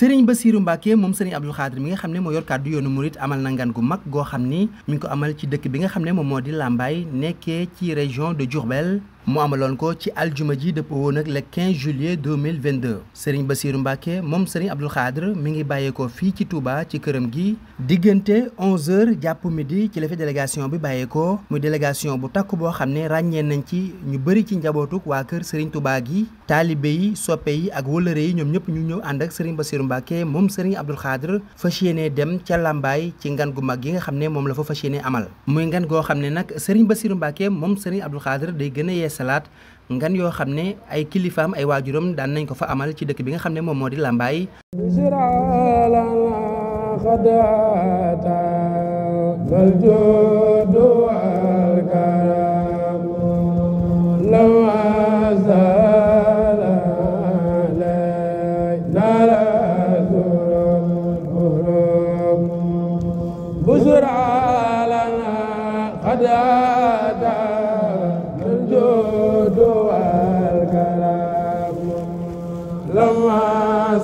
sëriñ Bassirou Mbacke moom sëriñ Abdou Khadre mi nga xam ne moo yor kàddu yoonu murit amal na ngan gu mag goo xam ni mi ngi ko amal ci dëkk bi nga xam ne moom moo di Lambaye nekkee ci région de Diourbel mu amaloon ko ci aljuma ji dëpp woon ak le 15 juillet 2022 Serigne Bassirou Mbacke moom Serigne Abdoul Khadre mi ngi bàyyeekoo fii ci Touba ci këram gi diggante 11h jàppumi midi ci la fi délégation bi bàyyeekoo mu délégation bu takk boo xam ne ràññee nañ ci ñu bëri ci njabootuk waa kër Serigne Touba gi taalibe yi soppe yi ak wëllëre yi ñoom ñëpp ñu ñëw ànd ak Serigne Bassirou Mbacke moom Serigne Abdoul Khadre fas yéene dem ca Lambaay ci ngan gu mag yi nga xam ne moom la fa fas yéene amal muy ngan goo xam ne nag Serigne Bassirou Mbacke moom Serigne Abdoul Khadre day gën a yeesalaat ngan yoo xam ne ay kilifaam ay waajuram daan nañ ko fa amal ci dëkk bi nga xam ne moom moo di Lambaye خدعتا فالجود والكرم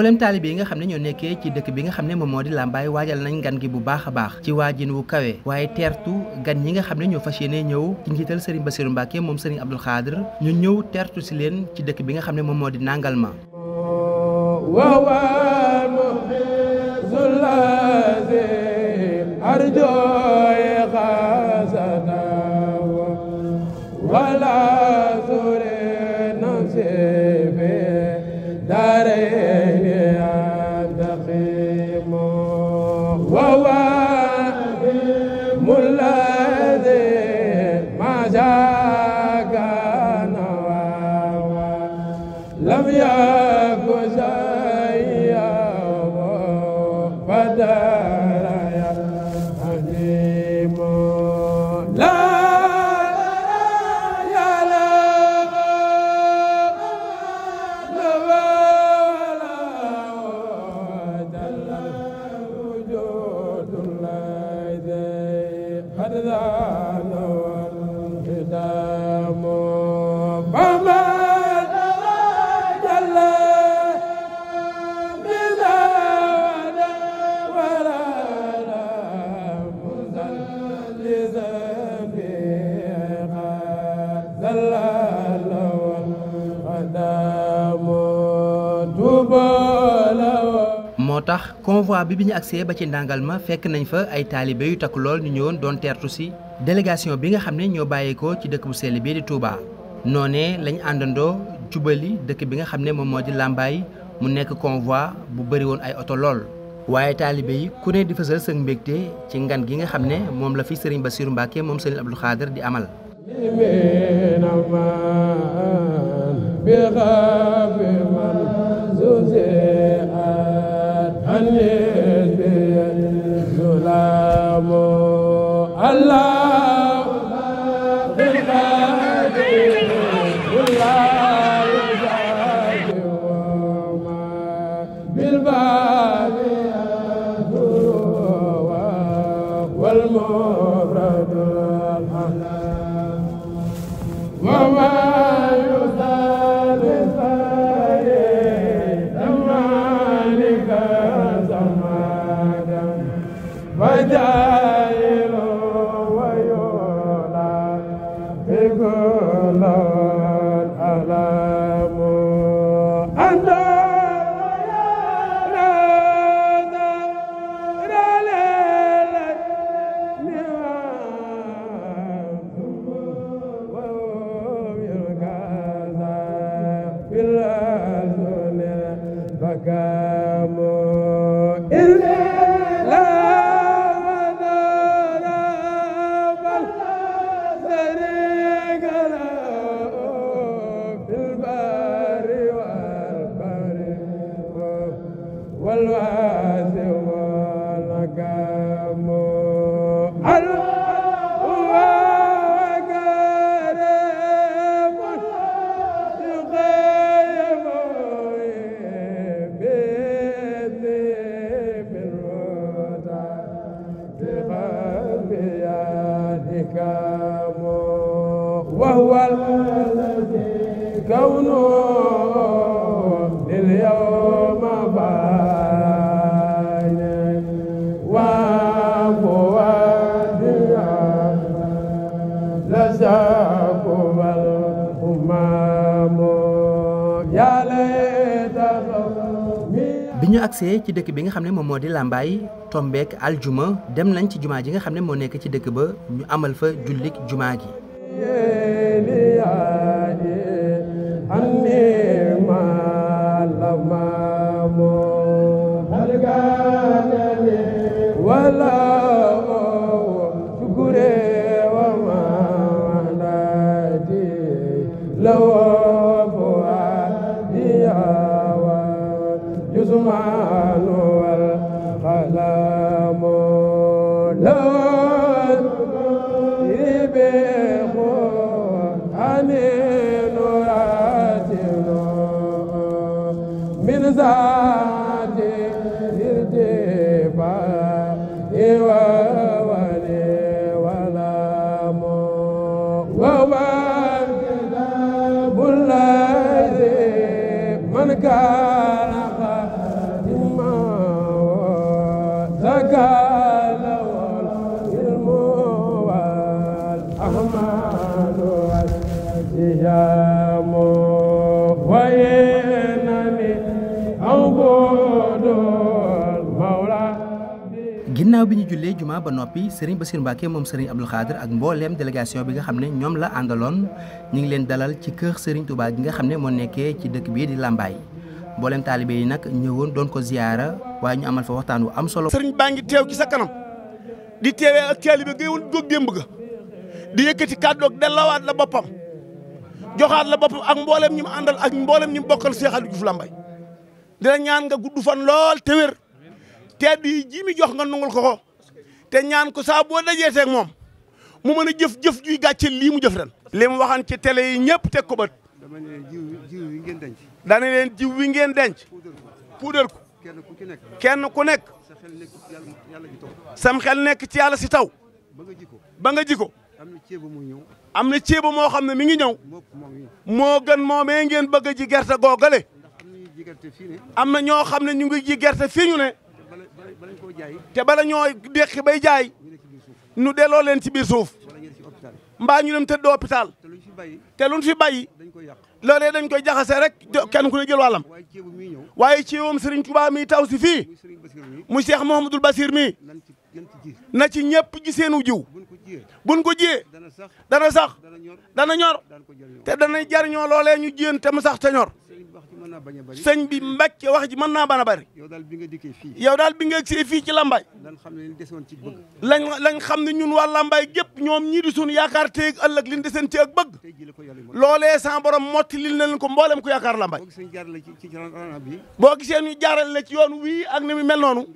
mboolem taalibe yi nga xam ne ñoo nekkee ci dëkk bi nga xam ne moom moo di Lambaye waajal nañ gan gi bu baax a baax ci waajin wu kawe waaye teertu gan ñi nga xam ne ñoo fas ne ñëw ci njiital Serigne Bassirou Mbacké moom Serigne Abdoul Khadr ñu ñëw teertu si leen ci dëkk bi nga xam ne moomoo di Nangalma arjo ndax convoi bi bi ñu agsee ba ci ndàngal ma fekk nañ fa ay taalibe yu takk lool ñu ñëwoon doon teertu si délégation bi nga xam ne ñoo bàyyeekoo ci dëkk bu sell bii di Touba. noonee lañ àndandoo jubali dëkk bi nga xam ne moom moo di Lambaye mu nekk convoi bu bëri woon ay oto lool. waaye taalibe yi ku ne di fësal seen mbégte ci ngan gi nga xam ne moom la fi ba Bassirou Mbacke moom Serigne Abdou Khader di amal. man gamo agsee ci dëkk bi nga xam ne moom moo di Lambaye tombeek aljuma dem nañ ci jumaa ji nga xam ne moo nekk ci dëkk ba ñu amal fa jullik jumaa gi الجزمان والقلم لا يبيخ عن نراتب من ذات ارتفاع وولي ولام وهو الكتاب الذي من كان ginnaaw bi ñu bi nga xam ne ñoom la àndaloon ñu ngi leen dalal ci kër Serigne Touba gi nga xam ne nekkee ci dëkk bii di Lambaye mbooleem taalibe yi nag ñëwoon doon ko ziyaara waaye ñu amal fa waxtaan wu am solo. Serigne baa ngi teew ci sa kanam di teewee ak taalibe ga woon di yëkkati kàddu ak dellawaat la boppam joxaat la boppam ak mbooleem ñi mu àndal ak mbooleem ñi mu bokkal Cheikh Aliou Diouf Lambaye dina ñaan nga gudd fan lool te tedd yi ji mi jox nga nungul ko ko te ñaan ko saa boo dajee teeg moom mu mën a jëf-jëf juy gàcce lii mu jëf ren li mu waxan ci télé yi ñëpp teg ko bët dama ne leen jiw jiw wi ngeen denc dana leen jiw wi ngeen denc puudar ko kenn ku ci nekk kenn ku nekk sam xel nekk ci yàlla si taw ba nga ji ko ba nga ji ko am na ceeba moo ñëw am na ceeba moo xam ne mi ngi ñëw moo gën moomee ngeen bëgg a ji gerte googale am na ñoo xam ne ñu ngi ji gerte fii ñu ne te bala ñoo déqi bay jaay nu delloo leen ci biir suuf mbaa ñu dem tëdd hôpital te luñ fi bàyyi loolee dañ koy jaxase rek kenn ku ne jël wàllam waaye ceewam Serigne Touba mi taw si fii mu Cheikh Mouhamadul Basir mi na ci ñëpp ji seenu jiw buñ ko jiyee dana sax dana ñor te dana jariñoo loolee ñu jiyen te mu sax te ñor sëñ bi Mbàkke wax ji man naa bañ a bari. yow daal bi nga dikkee fii. yow daal bi nga dikkee fii ci Lambaay. lañ xam ne xam ne ñun waa Lambaay gépp ñoom ñii di suñu yaakaar teeg ëllëg li ñu deseen ci ak bëgg. loolee sans borom motti li na leen ko mboolem ko yaakaar Lambaay. boo gisee ñu jaarale la ci yoon wii ak ni mu mel noonu.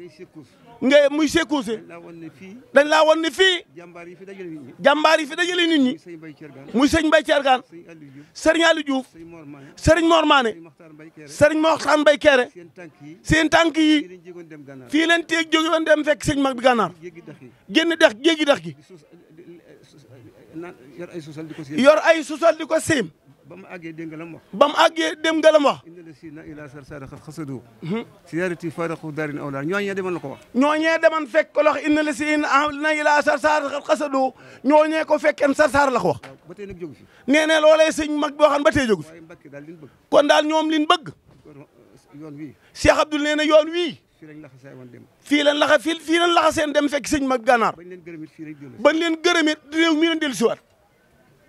nga muy secousé dañ laa woon ne fii jàmbaar yi fi dajale nit ñi jàmbaar yi fi dajale nit ñi muy sëñ Mbaye Thiergane sëriñ Aliou Diouf sëriñ Mor Mané sëriñ Moxtaan Mbaye Kéré seen tànk yi fii leen teeg jóge woon dem fekk sëñ mag bi gànnaar génn dex jéggi dex gi yor ay susal di ko siim ba mu àggee dégg nga la mu wax. ba mu àggee dégg nga la mu wax. inna la si na ila sar sara xat xasadu. siyaarati hmm. faaraqu daarin awlaa ñooñee demoon la ko wax. ñooñee demoon fekk ko la wax inna la si na ila sar sara xat xasadu ñooñee ko fekkeen sar sara la ko wax. ba tey nag jógu fi. nee na loolee sëñ mag bi waxoon ba kon daal ñoom liñ bëgg. Uh, yoon wii. Cheikh Abdoul nee na yoon wii. fii lañ laxa seen dem. fii lañ laxa fii lañ laxa seen dem fekk sëñ mag gànnaar. bañ leen gërëmit réew mi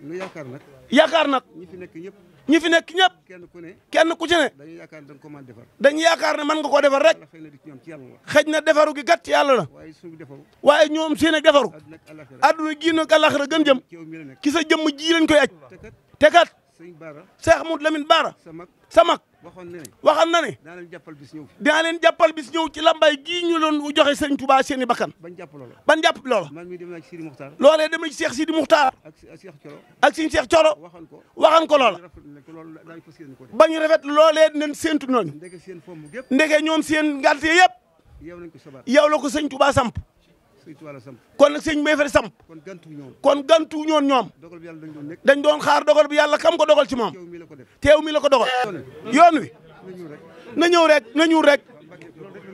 nu yaakaar nag. yaakaar nag. ñi fi nekk ñëpp. ñi fi nekk ñëpp. kenn ku ne. kenn ku ci ne. dañuy yaakaar ne da nga ko mën a defar. dañuy yaakaar ne mën nga koo defar rek. xëj na defaru gi gàtt yàlla la. waaye suñu defaru. waaye ñoom seen ak defaru. àdduna gii nag àlaxira gën jëm. ci sa jëmm ji lañ koy aj. te kat. sëñ Baara Cheikh Mouhamadou Lamine Baara. Samak Samak. waxoon na ne waxoon na ne. daa leen jàppal bis ñëw. daa leen jàppal bis ñëw ci lambay gii ñu doon joxe sëñ Touba seen i bakkan. ban jàpp loola ban jàpp loola. man mii dem naa ci Sidi Moukhtar. loolee demee ci Cheikh Sidi Moukhtar. ak Cheikh Thioro. ak sëñ Cheikh Thioro. ko waxoon ko loola. bañ rafet loolee dinañ séntu noonu. ndeke seen fomm gépp. ndeke ñoom seen ngàtt yëpp. yow la ko sëñ Touba samp kon nag sëñ Mbaye Fary Samb kon gantu ñoon ñoom dañ doon xaar dogal bi yàlla kam ko dogal ci moom teew mi la ko dogal yoon wi na ñëw rek na ñëw rek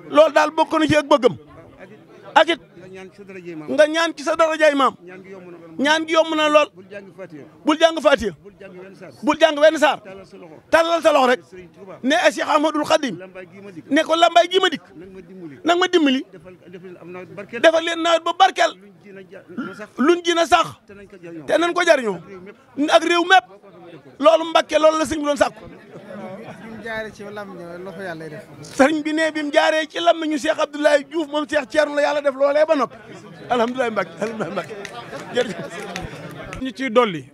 loolu daal bokk na ci ak bëggam ak nga ñaan ci sa darajaay maam ñaan gi yomb na lool bul jàng Fatiha bul jàng wenn saar tàllal sa loxo rek ne a Cheikh Ahmadul Khadim ne ko lambaay gii ma dikk nag ma dimbali defal leen nawet ba barkeel luñ ji na sax te nañ ko jariñoo ak réew mépp loolu Mbàkke loolu la sëñ bi jaaree ci lam ñu loxo yàlla bi ne bi mu jaaree ci lam ñu Cheikh Abdoulaye Diouf moom seex ceer la yàlla def loolee ba noppi alhamdulilah Mbacke ciy dolli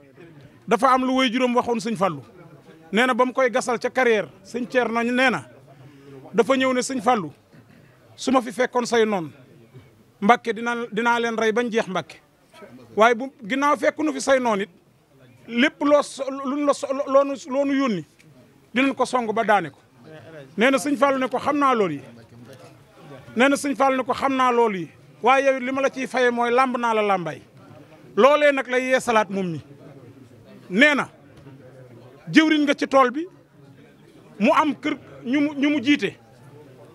dafa am lu woy juróom waxoon sëñ Fallou nee na ba mu koy gasal ca carrière sëñ Thierno nee na dafa ñëw ne sëñ Fallou su ma fi fekkoon say noon Mbacke dina dinaa leen rey bañ jeex Mbacke waaye bu ginnaaw fekk nu fi say noon it lépp loo so luñ la so loo yónni. dinañ ko song ba daane ko nee na sëñ Fallou ne ko xam naa loolu yi nee na sëñ Fallou ne ko xam naa loolu yi waaye yow li ma la ciy faye mooy làmb naa la làmbaay loolee nag lay yeesalaat moom mi nee na jëwriñ nga ci tool bi mu am kër ñu mu mu jiite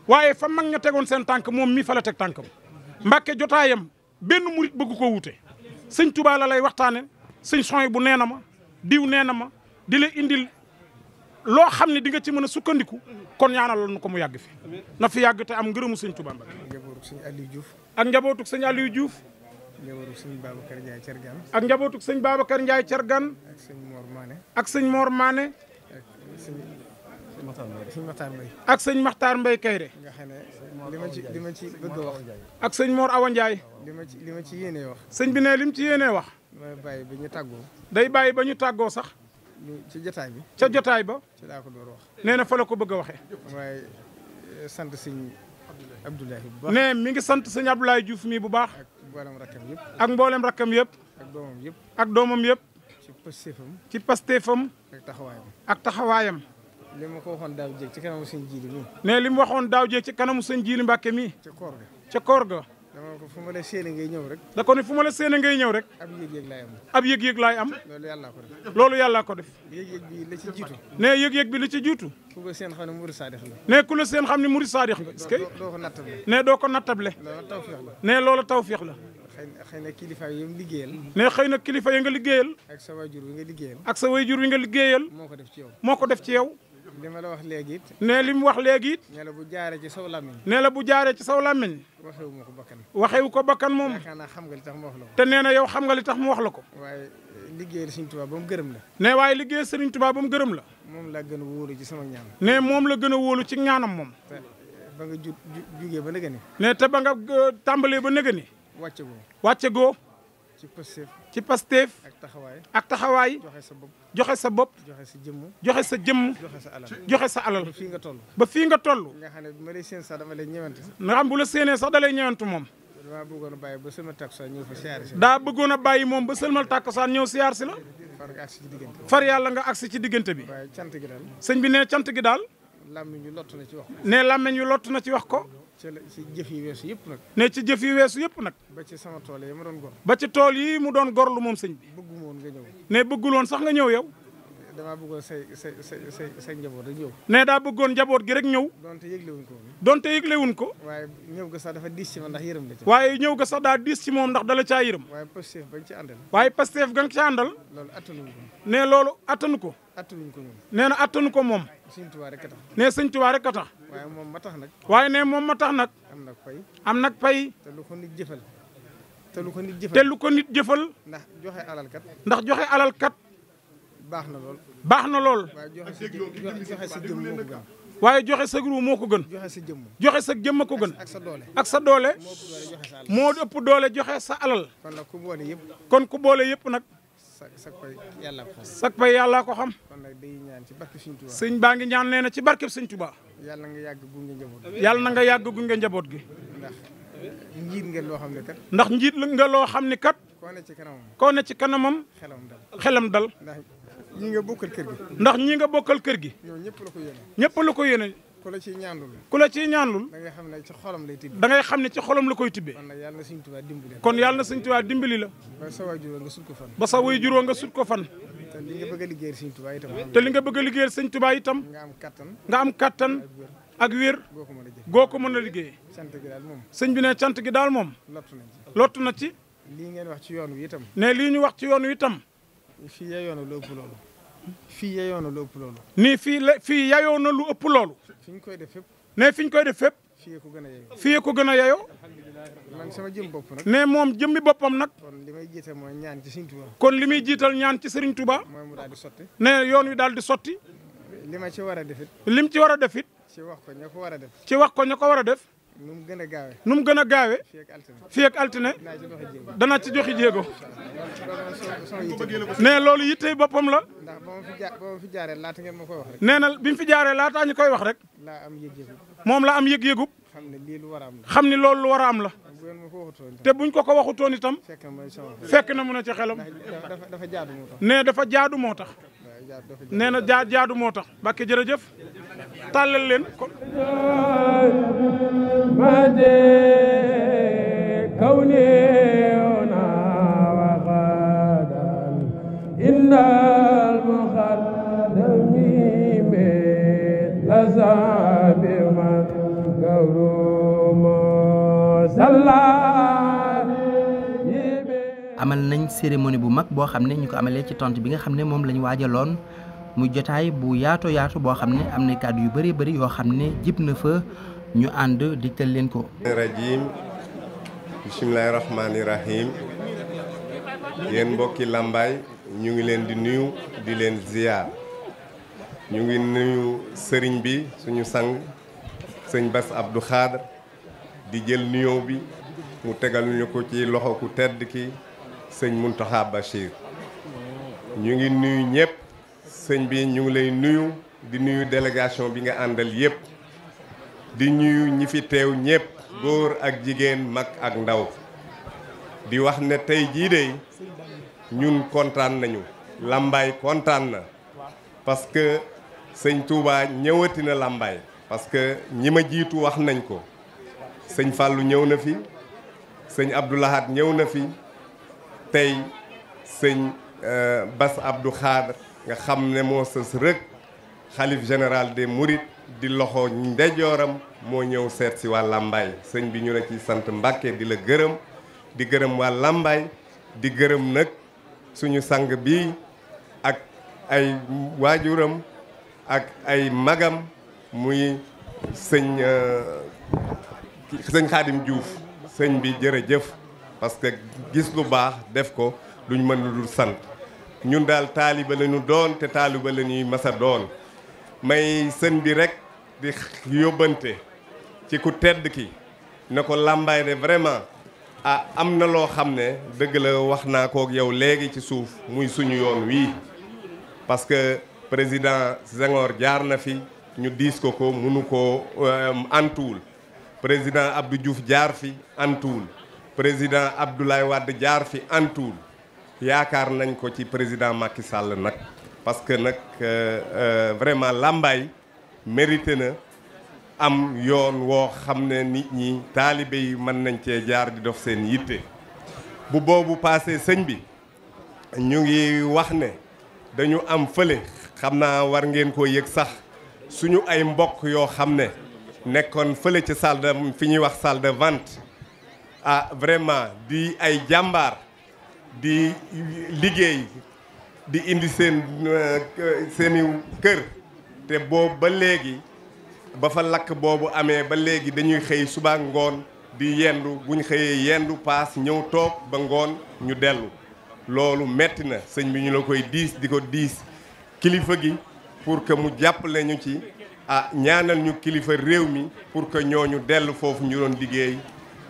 waaye fa mag ña tegoon seen tànk moom mi fa la teg tànkam mbàkke jotaayam benn murit bëgg ko wuute sëñ tubaala lay waxtaane sëñ sony bu nee na ma diw nee na ma di la indil loo xam ne di nga ci mën a sukkandiku kon ñaanal nu ko mu yàgg fi na fi yàgg te am ngërëmu sëñ Tuubaa Mbàkke njabootuk sëñ Aliou Diouf ak njabootuk sëñ Aliou Diouf njabootuk sëñ Babacar Ndiaye Cergan ak njabootuk sëñ Babacar Ndiaye Cergan ak sëñ Mor Mané ak sëñ Mor Mané ak sëñ Maxtaar Mbay Kayre nga xam ne li ma ci ma ci ak sëñ Mor Awa Ndiaye li ma ci li ma ci yéenee wax sëñ bi ne li mu ci yéenee wax day bàyyi ba ñu tàggoo sax ci jotaay bi. ca jotaay ba. ci laa ko door nee na fa la ko bëgg a waxee. waaye eh, sant sëñ Abdoulaye bu baax. nee mi ngi sant sëñ Abdoulaye Diouf mii bu baax. ak mboolem rakkam yëpp. ak mboolem rakkam yëpp. ak doomam yëpp. ak doomam yëpp. ci pasteefam. ci pasteefam. ak taxawaayam. ak taxawaayam. li ma ko waxoon daaw jéeg ci kanamu sëñ Jiili mii. nee li mu waxoon daaw jéeg ci kanamu sëñ Jiili mbakke mi ca koor ga ca koor ga. dama ko fu ma la ngay ñëw rek. da ko ne fu ma la séenee ngay ñëw rek. ab yëg-yëg am. ab yëg-yëg laay am. loolu yàllaa ko def. loolu yàllaa ko def. yëg-yëg bi la ci jiitu. nee yëg-yëg bi la ci jiitu. ku la seen xam ne murid saadix nee ku la seen xam ne murid saadix la. est-ce que doo ko nattable. nee doo ko nattable. loolu tawféex la. nee loolu tawféex la. xëy na kilifa yi liggéeyal. ne xëy na kilifa yi nga liggéeyal. ak sa waajur wi nga liggéeyal. ak sa waajur wi nga liggéeyal. moo ko def ci yow. moo ko def ci yow. li ma la wax léegi it. li mu wax léegi it. la bu jaaree ci saw làmmiñ. nee la bu jaaree ci saw làmmiñ. waxewu ma ko bakkan. waxewu ko bakkan moom. yaakaar xam nga li mu wax la te nee na yow xam nga li tax mu wax la ko. waaye liggéeyal Sëriñ Tuubaa ba mu gërëm la. ne waaye liggéey Sëriñ Tuubaa ba mu gërëm la. moom laa gën a wóolu ci sama ñaan. ne moom la gën a wóolu ci ñaanam moom. ba nga ju jugee ba nëgëni. ne te ba nga euh, tàmbalee ba nëgëni. wàcce goo. wàcce goo. ci pëstéef. ci pasteef ak taxawaay ak taxawaay joxe sa bopp joxe sa bopp joxe sa jëmm joxe sa jëmm joxe sa alal joxe sa alal ba fii nga toll ba fii nga toll nga xam ne bu ma lay séen sax dama lay ñëwante nga xam bu la séenee sax da lay ñëwantu moom daa bëggoon a bàyyi ba sëlmal takkusaan ñëw fa daa bëggoon a bàyyi moom ba sëlmal saa ñëw siyaar si la far nga yàlla nga agsi ci diggante bi waaye cant gi daal sëñ bi nee cant gi daal làmmiñ yu lott ci wax ko nee làmmiñ yu lott na ci wax ko ci la ci jëf yi weesu yëpp nag. ne ci jëf yi weesu yëpp nag. ba ci sama tool yi ma doon gor. ba ci tool yi mu doon gorlu moom sëñ bi. woon nga ñëw. ne bëggul woon sax nga ñëw yow. damaa bëggoon say say say say say njaboot rek ñëw. ne daa bëggoon njaboot gi rek ñëw. donte yëglewuñ ko. donte yëglewuñ ko. waaye ñëw ga sax dafa diis ci yërëm la ca. waaye ñëw ga sax daa diis ci moom ndax dala caa yërëm. waaye Pastef bañ ci àndal. waaye Pastef ga nga ci àndal. loolu attanuñ ko. ne loolu attanu ko. attanuñ ko moom. nee na attanu ko moom. Sëñ Tuubaa rek a tax. ne Sëñ Tuubaa rek a tax. waaye moom ma tax nag. waaye ne moom ma tax nag. am nag pay. am nag pay. te lu ko nit jëfal. te ko nit jëfal lu ko nit jëfal. ndax joxe alal kat. ndax joxe alal baax na lool. baax na lool. waaye joxe sa jëm moo ko waaye joxe sa ruu moo ko gën. joxe sa jëmm. joxe sa jëmm ko gën. ak sa doole. ak sa doole. moo ëpp doole joxe sa alal. kon nag ku boole yëpp. kon ku boole yëpp nag. sak pay yàlla ko xam. sak pay yàlla ko xam. kon nag day ñaan ci baa ngi ñaan nee ci barke Sëñ Tuubaa. yàlla nga yàgg gunge njaboot gi. yàlla nga yàgg gunge njaboot gi. ndax njiit nga loo xam ne kat. ndax njiit nga loo xam ne kat. koo ne ci kanamam. koo ne ci kanamam. xelam dal xelam dal. ndax ñi nga bokkal kër gi. ndax ñi nga bokkal kër gi. ñëpp la ko yéene. ku la ciy ku la ciy ñaanlul da ngay xam ne ci xolam lay tibbee ngay xam ne ci xolam la koy tibbee kon yàlla na Sëriñ Tuubaa dimbali kon yàlla na Sëriñ la ba sa waajur nga sut ko fan ba sa waajur nga sut ko fan te li nga bëgg a liggéeyal Sëriñ Tuubaa itam te li nga bëgg a liggéeyal Sëriñ Tuubaa itam nga am kattan nga am kattan ak wér goo ko mën a liggéey cant gi daal moom sëñ bi ne cant gi daal moom lottu na ci lottu na ci lii ngeen wax ci yoon wi itam ne lii ñu wax ci yoon wi tam fii yoon wi la ëpp fii yayoo na lu ëpp loolu. nii fii la fii yayoo na lu ëpp loolu. fi ñu koy def fépp. ne fi ñu koy def fépp. fii ko gën a yeyoo fii ko gën a yeyoo. man sama jëm bopp nag. ne moom jëmmi boppam nag. kon li may jiital mooy ñaan ci Serigne Touba. kon li muy jiital ñaan ci Serigne mooy mu daal di sotti. ne yoon wi daal di sotti. li ma ci war a def it. lim ci war a def it. ci wax ko ña ko war a def. ci wax ko ña ko war a def. nu mu gën a gaawee nu mu gën a gaawee fii ak altine dana ci joxi jéego ne loolu yittey boppam la ndax ba ma fi jaaree laata ngeen ma koy wax nee na bi mu fi jaaree laataa ñu koy wax rek laa am moom la am yëg-yëgub xam ne lii lu war a am xam ni loolu lu war a am la te buñ ko ko waxutoon itam fekk na mu ne ci xelam dafa jaadu moo nee dafa jaadu moo tax nee na jaa jaadu moo tax Mbàkke jërëjëf tàllal leen kon made kawnina wa gadan inna al muqaddami la sabi man gawrum sallallahu amal nañ cérémonie bu mag boo xam ne ñu ko amalee ci tente bi nga xam ne moom la ñu waajaloon mu jotaay bu yaato yaatu boo xam ne am na kàddu yu bëree bëri yoo xam ne jib na fa ñu ànd di leen ko rajim bisimilahi rahmaani rahim yéen mbokki làmbaay ñu ngi leen di nuyu di leen ziyaar ñu ngi nuyu sëriñ bi suñu sang sëñ Bass Abdou Khadre di jël nuyoo bi mu tegaluñu ko ci loxo ku tedd ki sëñ Mountakha Bachir ñu ngi nuyu ñëpp sëñ bi ñu ngi lay nuyu di nuyu délégation bi nga àndal yépp di nuyu ñi fi teew ñépp góor ak jigéen mag ak ndaw di wax ne tey jii de ñun kontaan nañu làmbaay kontaan na parce que sëñ Touba ñëwati na làmbaay parce que ñi ma jiitu wax nañ ko sëñ Fallou ñëw na fi sëñ Abdoulahat ñëw na fi tey sëñ euh, bas Abdou Khadre nga xam ne moo sës rëkk xalif général des Mourides di loxo ndejooram moo ñëw seet si waa làmbaay sëñ bi ñu la ciy sant Mbàkke di la gërëm di gërëm waa Lambaay di gërëm nag suñu sang bi ak ay waajuram ak ay magam muy sëñ sëñ Xaadim Diouf sëñ bi jërëjëf parce que gis lu baax def ko duñ mën lu dul sant ñun daal taaliba lañu doon te taaliba la ñuy masa doon may sën bi rek di yóbbante ci ku tedd ki na ko làmbaay de vraiment ah am na loo xam ne dëgg la wax naa kook yow léegi ci suuf muy suñu yoon wii parce que président Senghor jaar na fi ñu diis ko ko munu ko euh, antuwul président Abdou Diouf jaar fi antuwul président Abdoulaye Wade jaar fi antuwul yaakaar nañ ko ci président Macky Sall nag parce que nag euh, euh, vraiment Lambaye mérité na am yoon woo xam ne nit ñi taalibe yi mën nañ cee jaar di dox seen yitte bu boobu passé sëñ bi ñu ngi wax ne dañu am fële xam naa war ngeen ko yëg sax suñu ay mbokk yoo xam ne nekkoon fële ci salle fi ñuy wax salle de vente ah vraiment di ay jàmbaar di liggéey di indi seen euh, seeni kër te boobu ba léegi ba fa lakk boobu amee ba léegi dañuy xëy suba ngoon di yendu bu xëyee yendu paas ñëw toog ba ngoon ñu dellu loolu metti na sëñ bi ñu la koy diis di ko diis kilifa gi pour que mu jàpp ñu ci ah ñaanal ñu kilifa réew mi pour que ñu dellu foofu ñu doon liggéey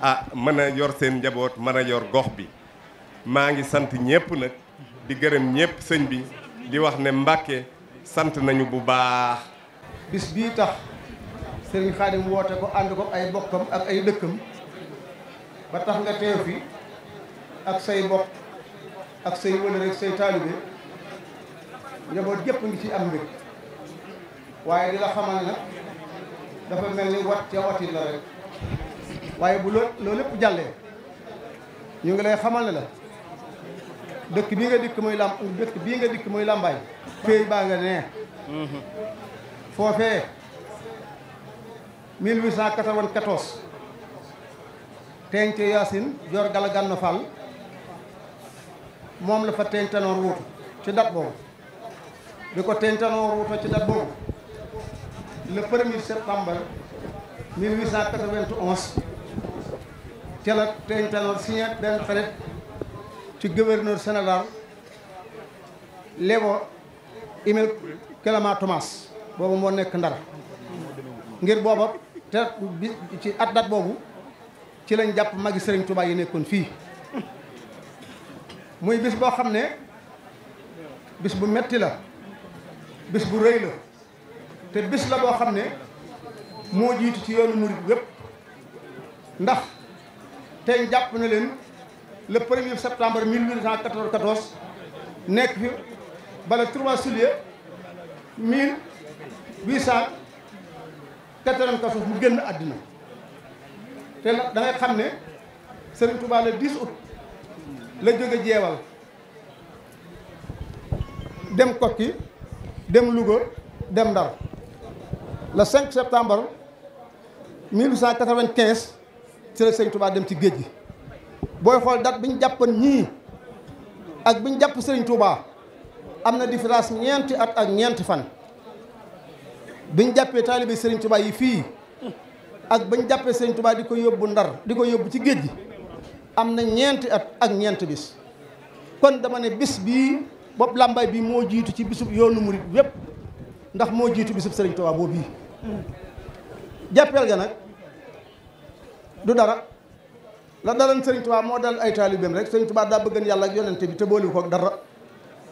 ah mën a yor seen njaboot mën a yor gox bi maa ngi sant ñëpp nag di gërëm ñëpp sëñ bi di wax ne Mbàkke sant nañu bu baax bis bii tax sëriñ Xaadim woote ko ànd ko ay bokkam ak ay dëkkam ba tax nga teew fi ak say bokk ak say wëlër ak say taalibe njaboot gépp ngi ci am mbég waaye di la xamal nag dafa mel ni wat ca watit la rek waaye bu loolu loolu lépp jàllee ñu ngi lay xamal ne la dëkk bii nga dikk muy lam dëkk bii nga dikk muy làmbaay pay baa nga nee mhm. foofee 1894 Yaasin Joor Gala Gànn moom la fa teñtanoor wuutu ci dat boobu bi ko teñtanoor wuutu ci dat boobu le premier septembre 1891 ca la teñtanoor signé benn traité ci gouverneur Sénégal lebo email Clément Thomas boobu moo nekk ndara ngir booba te bi ci at dat boobu ci lañ jàpp magi sëriñ Touba yi nekkoon fii muy bis boo xam ne bis bu metti la bis bu réy la te bis la boo xam ne moo jiitu ci yoonu murid wépp ndax tey jàpp na leen le 1er septembre 1894 nekk fi ba le 3 juillet 1894 mu génn àddina te da ngay xam ne Serigne Touba le 10 la jóge jeewal dem Kokki dem Louga dem Ndar le 5 septembre 1895 ci dem ci géej gi. booy xool date bi ñu jàppoon ñii ak bi ñu jàpp Serigne Touba am na différence ñeenti at ak ñeenti fan bi ñu jàppee taalibe Serigne Touba yi fii ak ba ñu jàppee Serigne Touba di ko yóbbu ndar di ko yóbbu ci géej gi am na ñeenti at ak ñeenti bis kon dama ne bis bii bopp làmbaay bii moo jiitu ci bisu yoonu murit yépp ndax moo jiitu bisub Serigne Touba boobu bii jàppeel ga nag du dara. la dalan sëriñ tubaa moo dal ay taalibeem rek sëriñ tubaa daa bëggan yàlla ak yonente bi te boolewu koog dara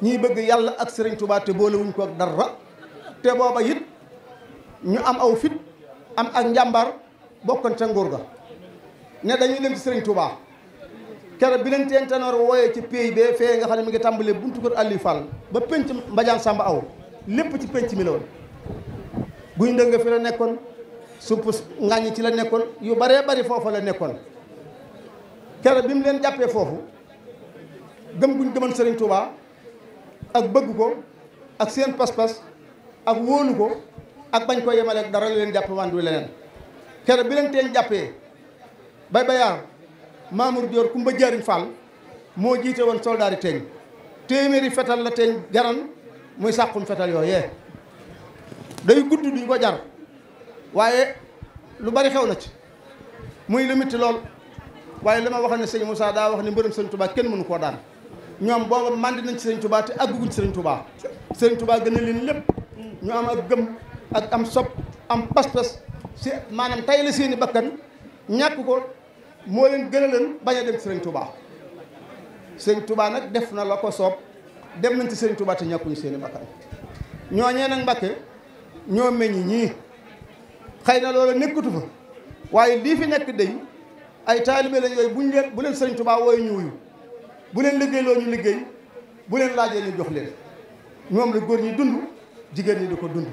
ñii bëgg yàlla ak sëriñ tubaa te boolewuñ ak dara te booba it ñu am aw fit am ak njàmbar bokkoon ca nguur ga ne dañuy dem ci sëriñ tubaa keroog bi leen teen tanoor wooyee ci pays bee fee nga xam ne mi ngi tàmbalee buntu kër Aliou Fall ba penc mbajaan sàmba aw lépp ci penc mi la woon guñ ndënga fi la nekkoon supp ngàññi ci la nekkoon yu baree bari foofa la nekkoon kere bi mu leen jàppee foofu gëm guñ gëman sëriñ Touba ak bëgg ko ak seen pas-pas ak wóolu ko ak bañ ko yemale dara leen jàpp wàndu leneen kere bi leen teen jàppee bay bayaar Mamour Dior Kumba Jaariñ Fall moo jiite woon soldaari teeñ téeméeri fetal la teeñ garan muy sàqum fetal yooyee day gudd duñ ko jar waaye lu bari xew na ci muy limite lool waaye la ma waxoon ne sëñ Moussa daa wax ne mbërëm sëñ Touba kenn mënu koo daan ñoom booba mandi nañ ci sëñ Touba te àgguguñ ci sëñ Touba sëñ leen lépp ñu ak gëm ak am sob am pas-pas si maanaam tay la seeni bakkan ñàkk ko moo leen gën leen bañ a sëñ Touba sëñ Touba nag def na la ko soob dem nañ ci sëñ Touba te ñàkkuñu seeni bakkan ñooñee nag Mbàkke ñoo meññ ñii xëy na loola nekkatu fa waaye lii fi nekk day ay taalibe lañ bu ñu leen bu leen sëriñ Tuubaa wooyu ñu bu leen liggéey loo ñu liggéey bu leen laajee ñu jox leen ñoom la góor ñi dund jigéen ñi di ko dund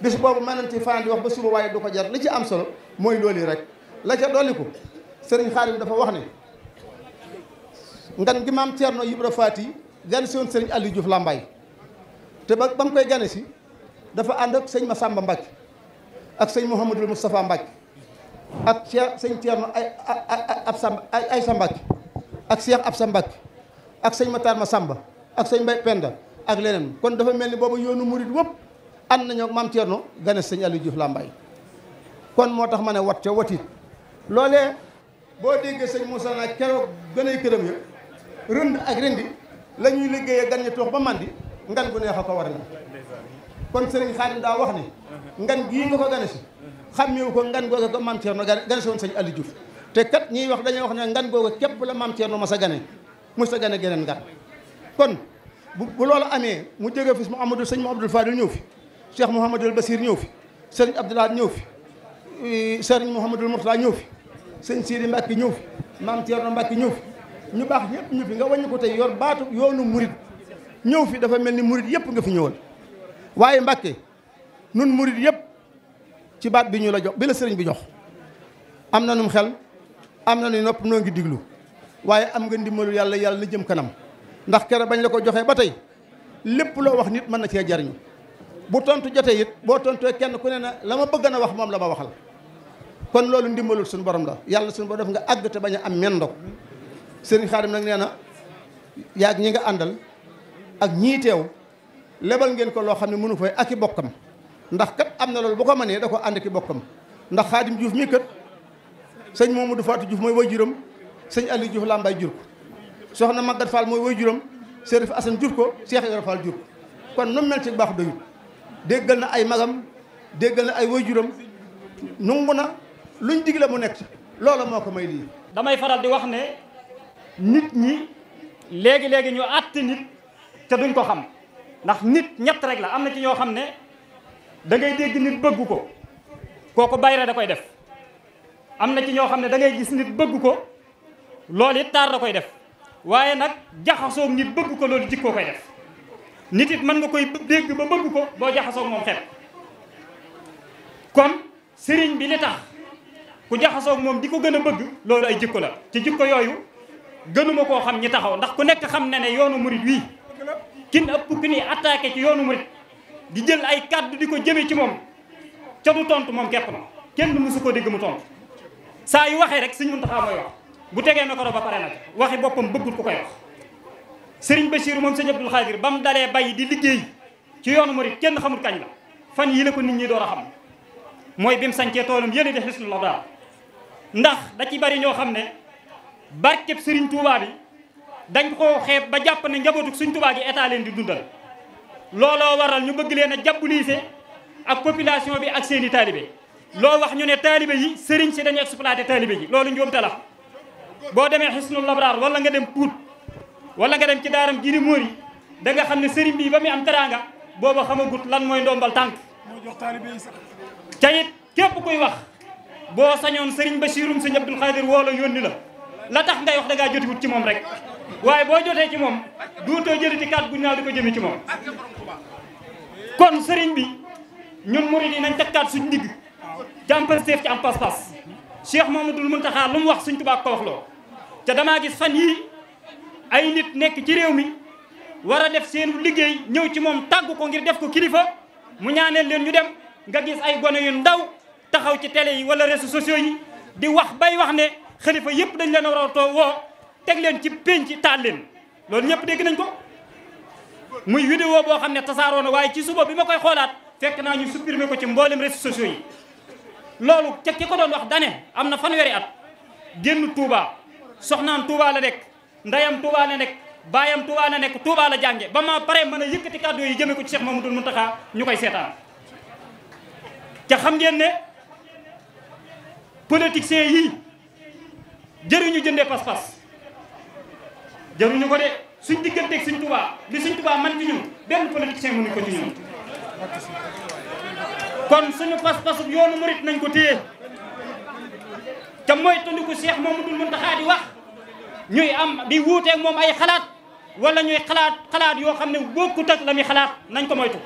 bis boobu mën nañ ci fanaan di wax ba suba waaye du ko jar li ci am solo mooy lool loolu rek la ca ko sëriñ Xaadim dafa wax ne ngan gi maam Ceerno Ibra Faati gane si woon sëriñ Aliou Diouf Lambaye te ba ba mu koy gane si dafa ànd ak sëñ sàmba Mbacke ak sëñ Mouhamadul Moustapha Mbacke ak Cheikh sëñ Thierno ay ab Samba ay Sambak ak Cheikh ab Sambak ak sëñ Matar ma Samba ak sëñ Mbay Penda ak leneen kon dafa mel ni boobu yoonu murit wëpp an nañoo ak maam Thierno gane sëñ Aliou Diouf Lambaye kon moo tax ma ne wat ca watit loolee boo déggee sëñ Moussa naa keroog gën këram ya rënd ak rendi la ñuy liggéeyee gan ñi toox ba mandi ngan gu neex a ko war na kon sëriñ Xaadim daa wax ni ngan gii nga ko gane si xàmmewu ko ngan googa ko maam Thierno gane si woon sëñ te kat ñiy wax dañuy wax ne ngan googa képp la maam Thierno mas a gane mos sa gane geneen ngan kon bu loolu amee mu jóge fi mu Amadou sëñ Abdoul Fadil ñëw fi Cheikh Mouhamadul Basir ñëw fi sëriñ Abdoulaye ñëw fi sëriñ Mouhamadul Mourtala ñëw fi sëñ Sidi Mbacke ñëw fi maam Thierno mbakki ñëw fi ñu baax ñëpp ñu fi nga wàññi ko tey yor baatu yoonu murid ñëw fi dafa mel ni murid yëpp nga fi ñëwal waaye Mbacke nun murid yëpp ci baat bi ñu la jox bi la sëriñ bi jox am na num xel am na nu nopp noo ngi diglu waaye am nga ndimbalu yàlla yàlla na jëm kanam ndax kere bañ la ko joxee ba tey lépp loo wax nit mën na cee jariñ bu tontu jotee it boo tontoo kenn ku ne na la ma bëgg na wax moom la ma waxal kon loolu ndimbalul suñu borom la yàlla suñu borom def nga àgg te bañ a am men ndog sëriñ Xaadim nag nee na yaag ñi nga àndal ak ñii teew lebal ngeen ko loo xam ne mënu fay ak i bokkam ndax kat am na loolu boo ko mënee da ko ànd ki bokkam ndax xaadim Diouf mii kat sëñ Mamadou Fatou Diouf mooy waajuram sëñ Aliou Diouf Lambaye jur ko soxna Maguette Fall mooy waajuram Serif Assane jur ko Cheikh Ibrahima Fall jur kon nu mel ci baax doyut déggal na ay magam déggal na ay waajuram nungu na luñ digle mu nekk loola moo ko may lii. damay faral di wax ne nit ñi léegi léegi ñu àtt nit te duñ ko xam ndax nit ñett rek la am na ci ñoo xam ne. da ngay dégg nit bëgg ko kooku bayre da koy def am na ci ñoo xam ne dangay gis nit bëgg ko loolu it taar da koy def waaye nag jaxasoog nit bëgg ko loolu jikkoo koy def nit it mën nga koy dégg ba bëgg ko boo jaxasoog moom xet kon sëriñ bi li tax ku jaxasook moom di ko gën a bëgg loolu ay jikko la ci jikko yooyu gënuma koo xam ñi taxaw ndax ku nekk xam ne ne yoonu murit wii kin ëpp ki ni attaqué ci yoonu murit di jël ay kàddu di ko jëme ci moom ca du tontu moom képp na kenn du su ko dégg mu tontu saa yu waxee rek Sëriñ Muntaxa mooy wax bu tegee na ko ba pare nag waxi boppam bëggul ku koy wax Sëriñ Bachir moom Sëriñ Abdul Xaadir ba mu dalee bay di liggéey ci yoonu murit kenn xamul kañ la fan yii la ko nit ñi door a xam mooy bi mu sancee toolam yële di xislu la ndax da ci bari ñoo xam ne barkeb Sëriñ Tuubaa bi dañ koo xeeb ba jàpp ne njabootu Sëriñ Tuubaa gi état leen di dundal looloo waral ñu bëgg leen a jàppalise ak population bi ak seen i taalibe loo wax ñu ne taalibe yi sëriñ si dañu exploité taalibe yi loolu njuumte la boo demee xisnul labraar wala nga dem puut wala nga dem ci daaram giri móor yi da nga xam ne sëriñ bi ba muy am teraanga booba xamagut lan mooy ndombal tànk ca it képp kuy wax boo sañoon sëriñ Basiirum sëñ Abdul Xaadir woo la yónni la la tax ngay wax da ngaa jotiwut ci moom rek waaye boo jotee ci moom duutoo jëlati kàddu gu ñaaw di ko jëme ci moom kon sëriñ bi ñun murid yi nañ takkaat suñ ndigg jàmpal seef ci am pas-pas Cheikh Mamadou Mountakha lu mu wax suñ tubaab ko wax loo te damaa gis fan yii ay nit nekk ci réew mi war a def seen liggéey ñëw ci moom tàggu ko ngir def ko kilifa mu ñaaneel leen ñu dem nga gis ay gone yu ndaw taxaw ci tele yi wala réseaux sociaux yi di wax bay wax ne xalifa yëpp dañ leen war a too woo teg leen ci pénc taal leen loolu ñëpp dégg nañ ko muy vidéo boo xam ne tasaaroo na waaye ci suba bi ma koy xoolaat fekk naa ñu supprimer ko ci mboolem réseaux sociaux yi loolu ca ki ko doon wax dane am na fanweeri at génn Touba soxnaam Touba la nekk ndeyam Touba la nekk baayam Touba la nekk Touba la jànge ba ma pare mën a yëkkati kàddu yi jëme ko ci Cheikh Mamadou Mountakha ñu koy seetaan ca xam ngeen ne politiciens yii jëriñu jëndee pas-pas jaruñu ko de suñ digganteeg suñ tubaa li suñ tubaa man ci ñun benn politicien mënuñ ko ci ñun kon suñu pas-pasu yoonu murit nañ ko téye te mooy tundiku Cheikh Mamadou Mountakha di wax ñuy am di wuuteeg moom ay xalaat wala ñuy xalaat xalaat yoo xam ne bokkut ak la muy xalaat nañ ko moytu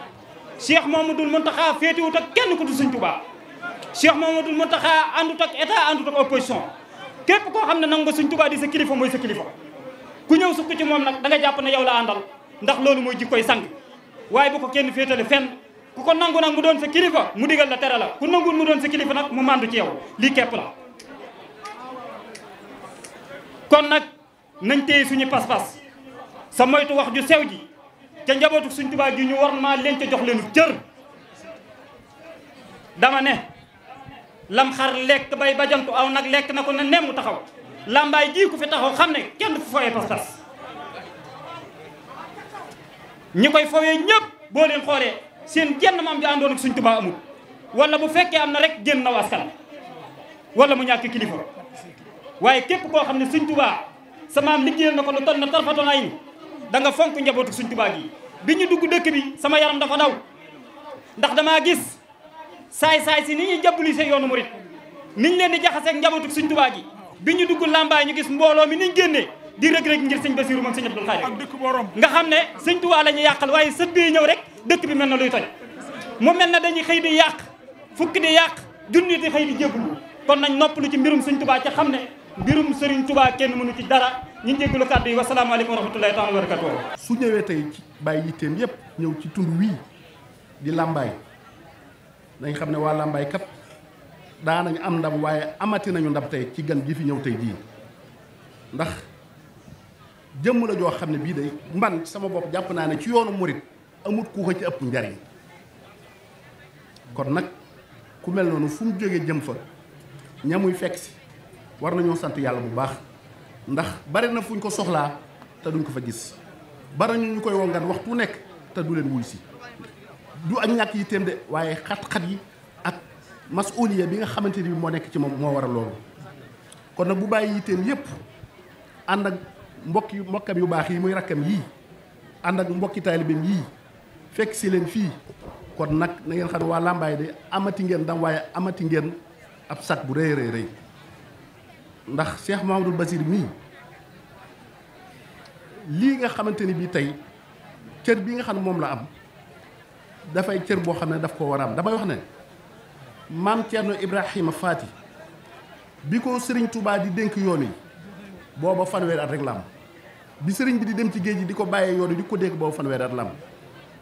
Cheikh Mamadou Mountakha féetewut ak kenn ku du suñ tubaa Cheikh Mamadou Mountakha àndut ak état àndut ak opposition képp koo xam ne nangu nga suñ tubaa di sa kilifa mooy sa kilifa ku ñëw sukk ci moom nag da nga jàpp ne yow la àndal ndax loolu mooy jikkoy sang waaye bu ko kenn féetale fenn ku ko nangu nag mu doon sa kilifa mu digal la tere la ku nangul mu doon sa kilifa nag mu màndu ci yow li képp la kon nag nañ téye suñu pas sa moytu wax ju sew ji ca njabootu suñ tubaa gi ñu war maa leen ca jox leenu jër dama ne lam xar lekk bay ba bajantu aw nag lekk na ko ne nemm taxaw làmbaay jii ku fi taxaw xam ne kenn du fi fooyee pas ñi koy fooyee ñëpp boo leen xoolee seen jenn maam ju àndoon ak suñ tubaa amul wala bu fekkee am na rek génn na waaskanam wala mu ñàkk kilifa waaye képp koo xam ne suñ tubaa sa maam liggéeyal na ko lu toll na tarfatoon ay ni da nga fonk njabootu suñ tubaa gi bi ñu dugg dëkk bi sama yaram dafa daw ndax damaa gis saay saay si ni ñuy jàppale seen yoonu murit niñ leen di jaxaseeg njabootu suñ tubaa gi bi ñu dugg làmbaay ñu gis mbooloo mi niñ génnee di rëg-rëg ngir sëñ Basiru moom sëñ Abdul Xaadir nga xam ne sëñ Tuubaa lañu ñuy yàqal waaye sët bi ñëw rek dëkk bi mel na luy toj mu mel na dañuy xëy di yàq fukki di yàq junni di xëy di jéblu kon nañ lu ci mbirum sëñ tubaa ca xam ne mbirum sëriñ tubaa kenn mënu ci dara ñu jégalu kàddu yi wasalaamaaleykum wa rahmatullahi taala wa barakatu su ñëwee tey ci bàyyi yitteem yëpp ñëw ci tund wii làmbaay dañ xam ne waa làmbaay kat daanañu am ndam waaye amati nañu ndam tey ci gan gi fi ñëw tey jii ndax jëmm la joo xam ne bii day man sama bopp jàpp naa ne ci yoonu morit amut ku ci ëpp njariñ kon nag ku mel noonu fu mu jógee jëm fa ñamuy fekk si war nañoo sant yàlla bu baax ndax bari na fuñ ko soxlaa te duñ ko fa gis bari ñu koy koy wongan waxtu nekk te du leen wuy du ak ñàkk yi téem de waaye xat-xat yi masuuliya bi nga xamante ni bi moo nekk ci moom moo waral loolu kon nag bu bàyyi yitteem yépp ànd ak mbokki mbokkam yu baax yi muy rakkam yii ànd ak mbokki taalibeem yii fekk si leen fii kon nag na ngeen xam ne waa làmbaay de amati ngeen dam waaye amati ngeen ab sag bu rëy rëy rëy ndax Cheikh Mahamadul Basir mii lii nga xamante ni bii tey cër bi nga xam ne moom la am dafay cër boo xam ne daf ko war a am damay wax ne maam Thierno Ibrahima Faati bi ko sëriñ Touba di dénk yoon yi booba fanweeri at rek la am bi sëriñ bi di dem ci géej gi di ko bàyyee yoon yi di ko dénk booba fanweeri at la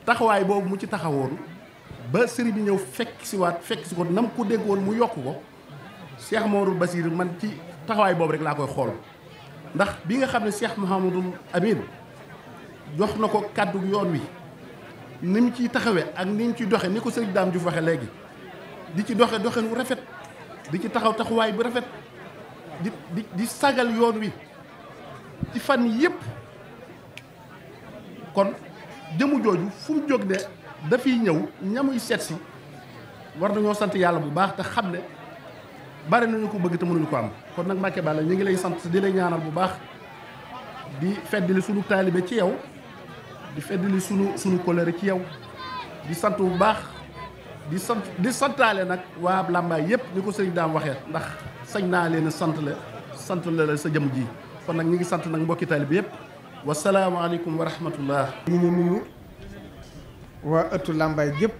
taxawaay boobu mu ci taxawoon ba sëriñ bi ñëw fekk si fekk si ko nam ko dénk woon mu yokk ko Cheikh Mamadou Basir man ci taxawaay boobu rek laa koy xool ndax bi nga xam ne Cheikh Mouhamadul Amin jox na ko kàddu yoon wi ni mu ciy taxawee ak ni ñu ciy doxee ni ko sëriñ Daam Juuf waxee léegi. di ci doxe doxin wu rafet di ci taxaw taxawaay bu rafet di di sagal yoon wi ci fan yëpp kon jëmu jooju fu mu jóg ne dafiy ñëw ñamuy seet si war nañoo sant yàlla bu baax te xam ne bare nañu ko bëgg te mënuñu ko am kon nag Mbacké Balla ñu ngi lay sant di lay ñaanal bu baax di feddali sunu taalibe ci yow di feddali sunu sunu kóllëre ci yow di sant bu baax di sant di santaale nag waa Lambaay yëpp ni ko sëñ daam waxee ndax sañ naa leen sant la sant la la sa jëm ji kon nag ñu ngi sant nag mbokki taalibe yëpp wasalaamaaleykum wa rahmatullah ñu ngi nuyu waa ëttu Lambaay yëpp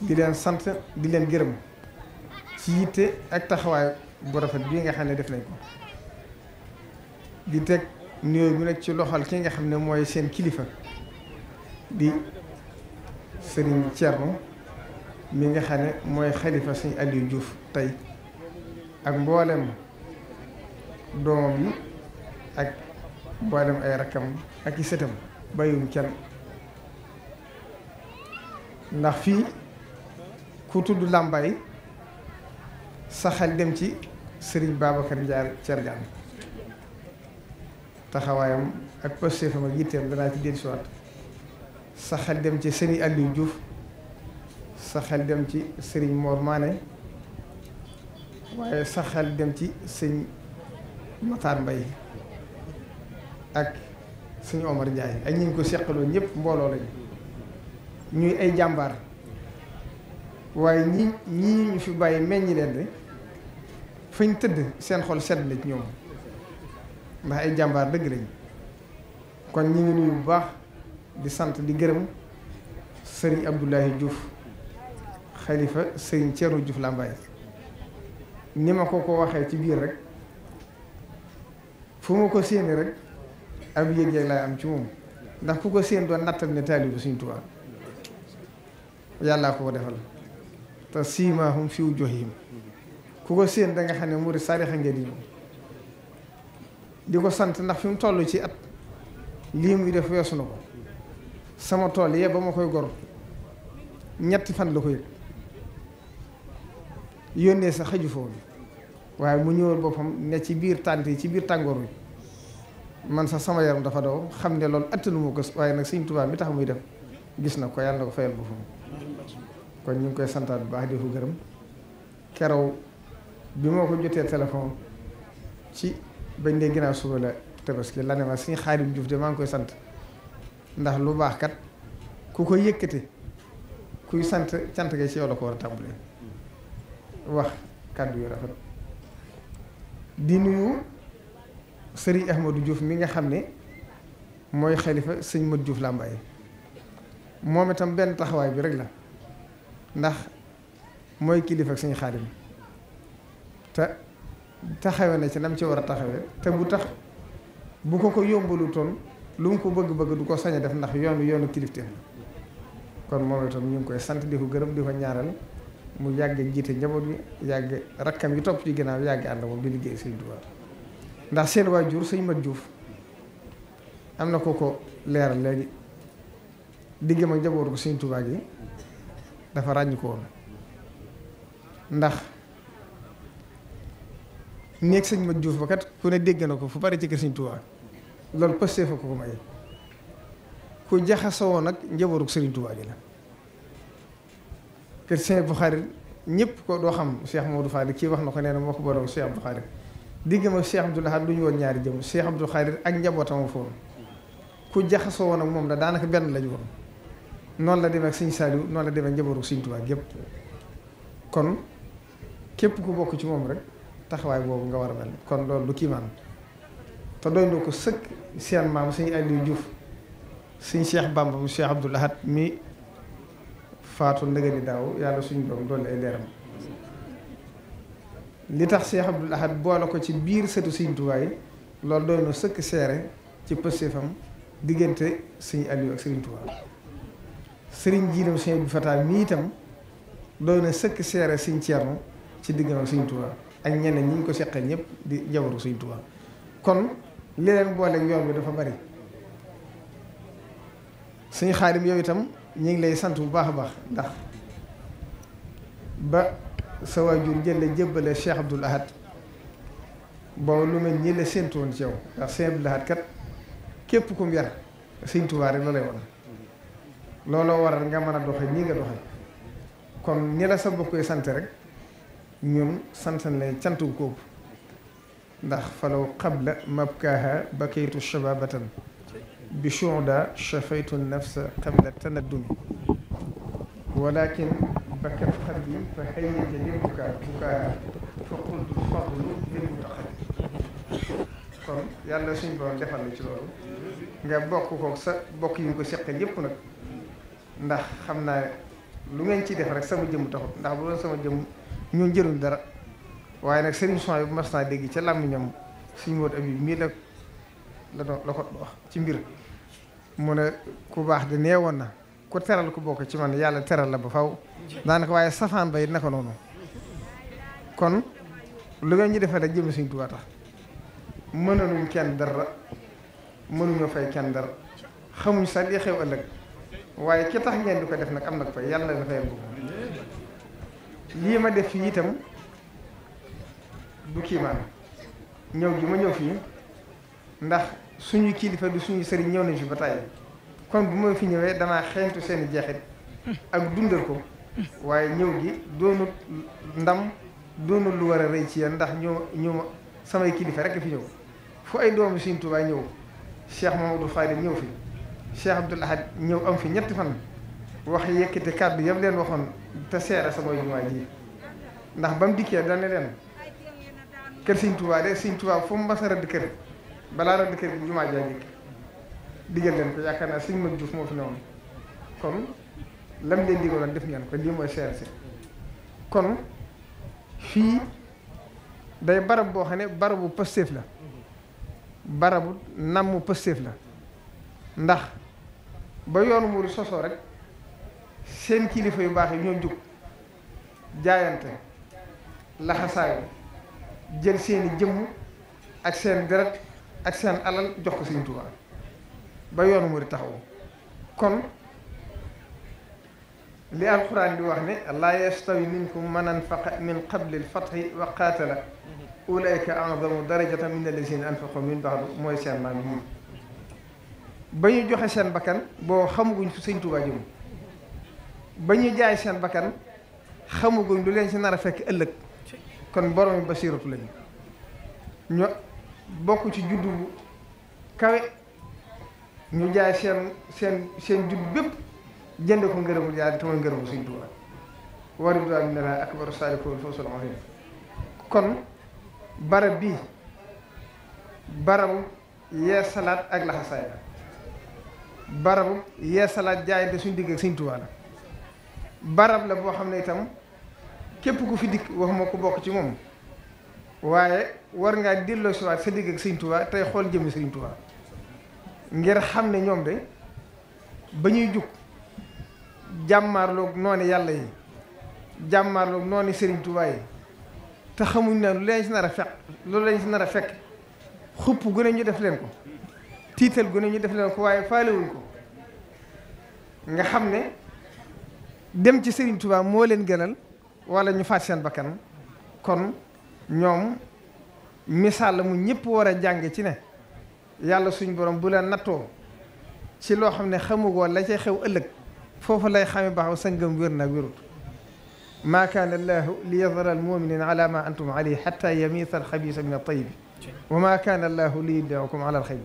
di leen sant di leen gërëm ci yitte ak taxawaay bu rafet bii nga xam ne def nañ ko di teg nuyoo bi nag ci loxol ki nga xam ne mooy seen kilifa di sëriñ Thierno mi nga xam ne mooy xalifa sëñ Aliou juuf tey ak mboolem doomam yi ak mboolem ay rakkam ak i sëtam bayum kenn ndax fii ku tudd làmbaay sa xel dem ci sëriñ Babacar Ndiaye Thiergane taxawaayam ak posté fam ak yitteem danaa ci dellusiwaat sa xel dem ci sëriñ Aliou Diouf sa xel dem ci sëriñ Mor Mané waaye sa xel dem ci sëñ Matar mbay ak sëñ Omar Ndiaye ak ñi ñu ko seqaloo ñëpp mbooloo lañ ñuy ay jàmbaar waaye ñi ñii ñu fi bàyyi meññi leen de fañ tëdd seen xol sedd la ci ñoom ndax ay jàmbaar dëgg lañ kon ñi ngi nuyu bu baax di sant di gërëm sëriñ Abdoulaye Diouf xalifa sëriñ Thierno Diouf Lambaye ni ma ko ko waxee ci biir rek fu ma ko séeni rek ab yëg-yëg laay am ci moom ndax ku ko séen doon nattal ne taalibu Sëriñ Tuubaa yàllaa ko ko defal te siimaahum fi wujuuhihim ku ko séen da xam ne murid saadiq nga di di ko sant ndax fi mu toll ci at lii muy def weesu na ko sama tool yee ba ma koy gor ñetti fan la ko yëg yónnee sa xëju fa waaye mu ñëwal boppam ne ci biir tànt yi ci biir tàngoor wi man sax sama yaram dafa daw xam ne loolu attanu ma ko waaye nag Sëñ tubaab mi tax muy def gis na ko yàlla na ko fayal boppam kon ñu ngi koy santaat bu baax di ko gërëm keroog bi moo ko jotee téléphone ci bañ dee ginnaaw suba la tabaski la ne ma Sëñ Xaadim Juuf de maa ngi koy sant ndax lu baax kat ku ko yëkkati kuy sant cant ga ci yow la ko war a tàmbalee wax kàddu yu rafet di nuyu sëriñ Ahmadou Diouf mi nga xam ne mooy xalifa sëñ Mat Diouf Làmbaay moom itam benn taxawaay bi rek la ndax mooy kilifa ak sëñ Xaadim te taxawe na ci nam ci war a taxawe te bu tax bu ko ko yombalu toon lu mu ko bëgg-bëgg du ko sañ a def ndax yoon wi yoonu kilifteef kon moom itam ñu ngi koy sant di ko gërëm di ko ñaaral mu yàgg jiite njaboot bi yàgg rakkam yi topp ci ginnaaw yàgg ànd moom di liggéey Sëñ Tuubaa ndax seen waajur Sëñ Mat Juuf am na ko ko leeral léegi diggam ak njabootu ko Sëñ Tuubaa dafa ràññ ko woon ndax néeg Sëñ Mat Juuf ba kat ku ne dégg na ko fu bari ci kër Sëñ Tuubaa loolu pëstee fa ko ko may ku jaxasoo nag njabootu Serigne yi gi la kër Cheikh Bukhari ñëpp ko doo xam Cheikh Modou Fall kii wax na ko nee moo ko borom Cheikh Abdou Khadir digg ma Cheikh Abdou Lahad lu ñaari jëm Cheikh Abdou Khadir ak njabootam foofu ku jaxasoo woon ak moom la daanaka benn lañu woon la demee ak Serigne Saliou noonu la demee ak njabootu Serigne Touba kon képp ku bokk ci moom rek taxawaay boobu nga war a mel kon loolu du kiimaan te doy na ko sëkk seen maam sëñ Aliou Diouf sëñ Cheikh Bamba mu Cheikh Abdoul Ahad mi faatu ndëgëni daaw yàlla suñu doom leeram li tax Cheikh Abdoul Ahad boole ko ci biir sëtu sëñ loolu doy na sëkk seere ci pëstéefam diggante sëñ Aliou sëriñ Tuubaa sëriñ jiiram sëñ Abdou Fatah itam doy na sëkk seere sëñ Ceerno ci diggam ak sëñ Tuubaa ak ñeneen ñi ñu ko seqee ñëpp di jabaru sëñ Tuubaa kon li leen booleeg yoon dafa bari suñu xaadim yow itam ñu ngi lay sant bu baax a baax ndax ba sa waajur jël la jébbale Cheikh Abdoul Ahad boobu lu mel nii la séentu woon ci yow ndax Cheikh Abdoul Ahad kat képp kum yar Sëñ tubaar rek la lay wan looloo waral nga mën a doxe nii nga doxe kon ñi la sa bokkee sant rek ñun sant nañ leen cant gu kooku ndax falaw qabla mabkaaha bakaytu shababatan bi shuda shafaytu nafsa qabla tanaddumi walakin bakat qalbi fa hayyija li bukaa bukaaha fa qultu fadlu lil mutaqaddim kon yàlla suñ borom defal la ci loolu nga bokk kook sa bokk yi ko seqal yépp nag ndax xam naa lu ngeen ci def rek sama jëmm taxut ndax bu doon sama jëmm ñoo njëriñ dara waaye nag sëriñ Souhaïbou bu mas naa dégg ca làmmiñam ñam suñ moot ab yi mii la la doon la ko wax ci mbir mu ne ku baax di nee woon na ku teral ku bokk ci man yàlla teral la ba faw daanaka waaye safaan ba it naka noonu kon lu ngeen ñu defee rek jëm suñ Tuubaa tax mënaluñ kenn dara mënuñoo fay kenn dara xamuñ sax li xew ëllëg waaye ki tax ngeen du ko def nag am na ko fay yàlla na fayal ko lii ma def fii itam du kiimaan ñëw gi ma ñëw fii ndax suñu kilifa du suñu sëriñ ñëw nañ fi ba tàyyi kon bu ma fi ñëwee danaa xeeñtu seen i jeexit ak dundal ko waaye ñëw gi doonut ndam doonul lu war a rëy ci yéen ndax ñoo ñoo ma samay kilifa rek fi ñëw fu ay doomu Sëriñ Tuubaa ñëw Cheikh Mamadou Fadil ñëw fi Cheikh du Ahad ñëw am fi ñetti fan wax yëkkate kàddu yëpp leen waxoon te seere samay jumaa ji ndax ba mu dikkee dana leen kër Sëñ Tuubaa de Sëñ Tuubaa fu mu mas a kër balaa rëdd kër jumaa jaa jëkk digal leen ko yaakaar naa sëñ Mat Juuf moo fi newoon kon lam leen digaloon def ngeen ko lii mooy CRC kon fii day barab boo xam ne barabu Pastef la barabu namm Pastef la ndax ba yoonu murid sosoo rek seen kilifa yu baax yi ñoo jóg jaayante laxasaayu jël seeni jëmm ak seen deret ak seen alal jox ko Sëriñ Tuubaa ba yoonu mu di taxawu kon li alquran bi wax ne laa yastawi minkum man anfaqa min qabli alfatxi wa qaatala ulaika a'zamu darajatan min allazina anfaqu min ba'du mooy seen maam yi ba ñu joxe seen bakkan boo xamuguñ fu Sëriñ Tuubaa jëm ba ñu jaay seen bakkan xamuguñ lu leen si nar a fekk ëllëg kon borom basiratu lañu ñu bokk ci juddu bu kawe ñu jaay seen seen seen juddu bépp jënd ko ngërëmu jaay te mooy ngërëmu Sëriñ Tuubaa wa ridwaanu llaahi akbar saalika wal fawzul aziim kon barab bii barabu yee salaat ak laxasaay la barabu yee salaat jaay de suñ digg ak Sëriñ Tuubaa la barab la boo xam ne itam képp ku fi dikk wax ma ko bokk ci moom waaye war ngaa delloo si waat sa digg ak Sëriñ Tuubaa tey xool jëmmi Sëriñ Tuubaa ngir xam ne ñoom de ba ñuy jug jàmmaarloog noonu yàlla yi jàmmaarloog noonu Sëriñ Tuubaa yi te xamuñ ne lu leen si nar a fekk loolu leen si nar a fekk xupp gu ne ñu def leen ko tiital gu ne ñu def leen ko waaye faalewuñ ko nga xam ne dem ci Sëriñ Tuubaa moo leen gënal wala ñu faat seen bakkan kon ñoom misaal la mu ñëpp war a jàng ci ne yàlla suñ borom bu leen nattoo ci loo xam ne xamugoo la cay xew ëllëg foofu lay xame baax sa ngëm wér na wérut maa kaana allaahu li yadara almuminina ala ma antum alayhi xata yamiita alxabisa min altayibi wa maa kaana allaahu li yudiakum ala alxaybi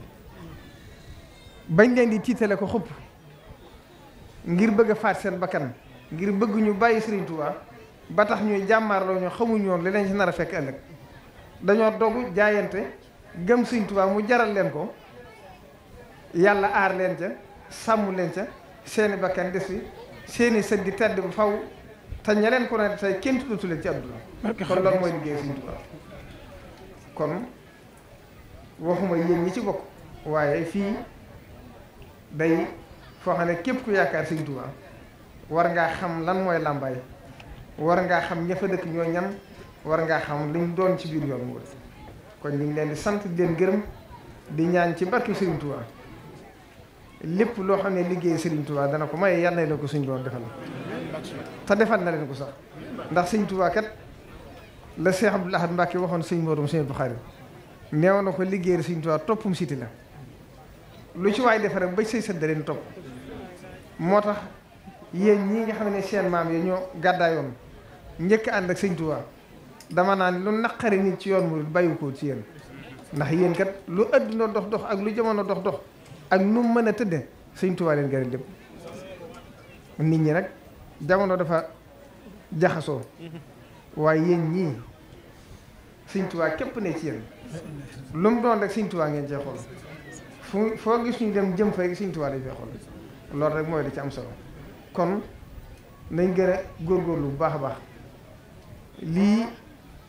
bañ leen di tiitale ko xupp ngir bëgg a faat seen bakkan ngir bëgg ñu bàyyi Sëriñ ba tax ñuy jàmmaarloo ñu xamuñu woon li leen ci nar a fekk ëllëg dañoo dogu jaayante gëm Sëriñ Tuubaa mu jaral leen ko yàlla aar leen ca sàmm leen ca seeni bakkan des fi seeni sët di tedd bu faw te ña leen ko ne tey kenn tuddatu leen ci àdduna kon loolu mooy liggéey Sëriñ Tuubaa kon waxuma yéen ñi ci bokk waaye fii day foo xam ne képp ku yaakaar Sëriñ Tuubaa war ngaa xam lan mooy làmbaay war ngaa xam ña fa dëkk ñoo ñan war ngaa xam liñ doon ci biir yoon wër kon ñu ngi leen di sant di leen gërëm di ñaan ci barke Serigne Touba lépp loo xam ne liggéey Serigne Touba dana ko maye yàlla na ko suñ doon defal te defal na leen ko sax ndax Serigne Touba kat la Cheikh Abdoul Ahad Mbacké waxoon Serigne Modou Serigne Bukhari neew na ko liggéey Serigne Touba toppum siti la lu ci waay defe rek ba say sët da leen topp moo tax yéen ñii nga xam ne seen maam yi ñoo gàddaayoon njëkk ànd ak sëñ dama naan lu naqari nit ci yoon murid bàyyi ko ci yéen ndax yéen kat lu adduna dox dox ak lu jamono dox dox ak nu mu mën a tëdd sëñ Tuubaa leen gën a lépp nit ñi rek jamono dafa jaxasoo waaye yéen ñii sëñ képp ne ci yéen lu mu doon rek sëñ Tuubaa ngeen cee xool fu foo gis ñu dem jëm fa rek sëñ fee xool loolu rek mooy da ci am solo kon nañ gën a góor lu baax a baax lii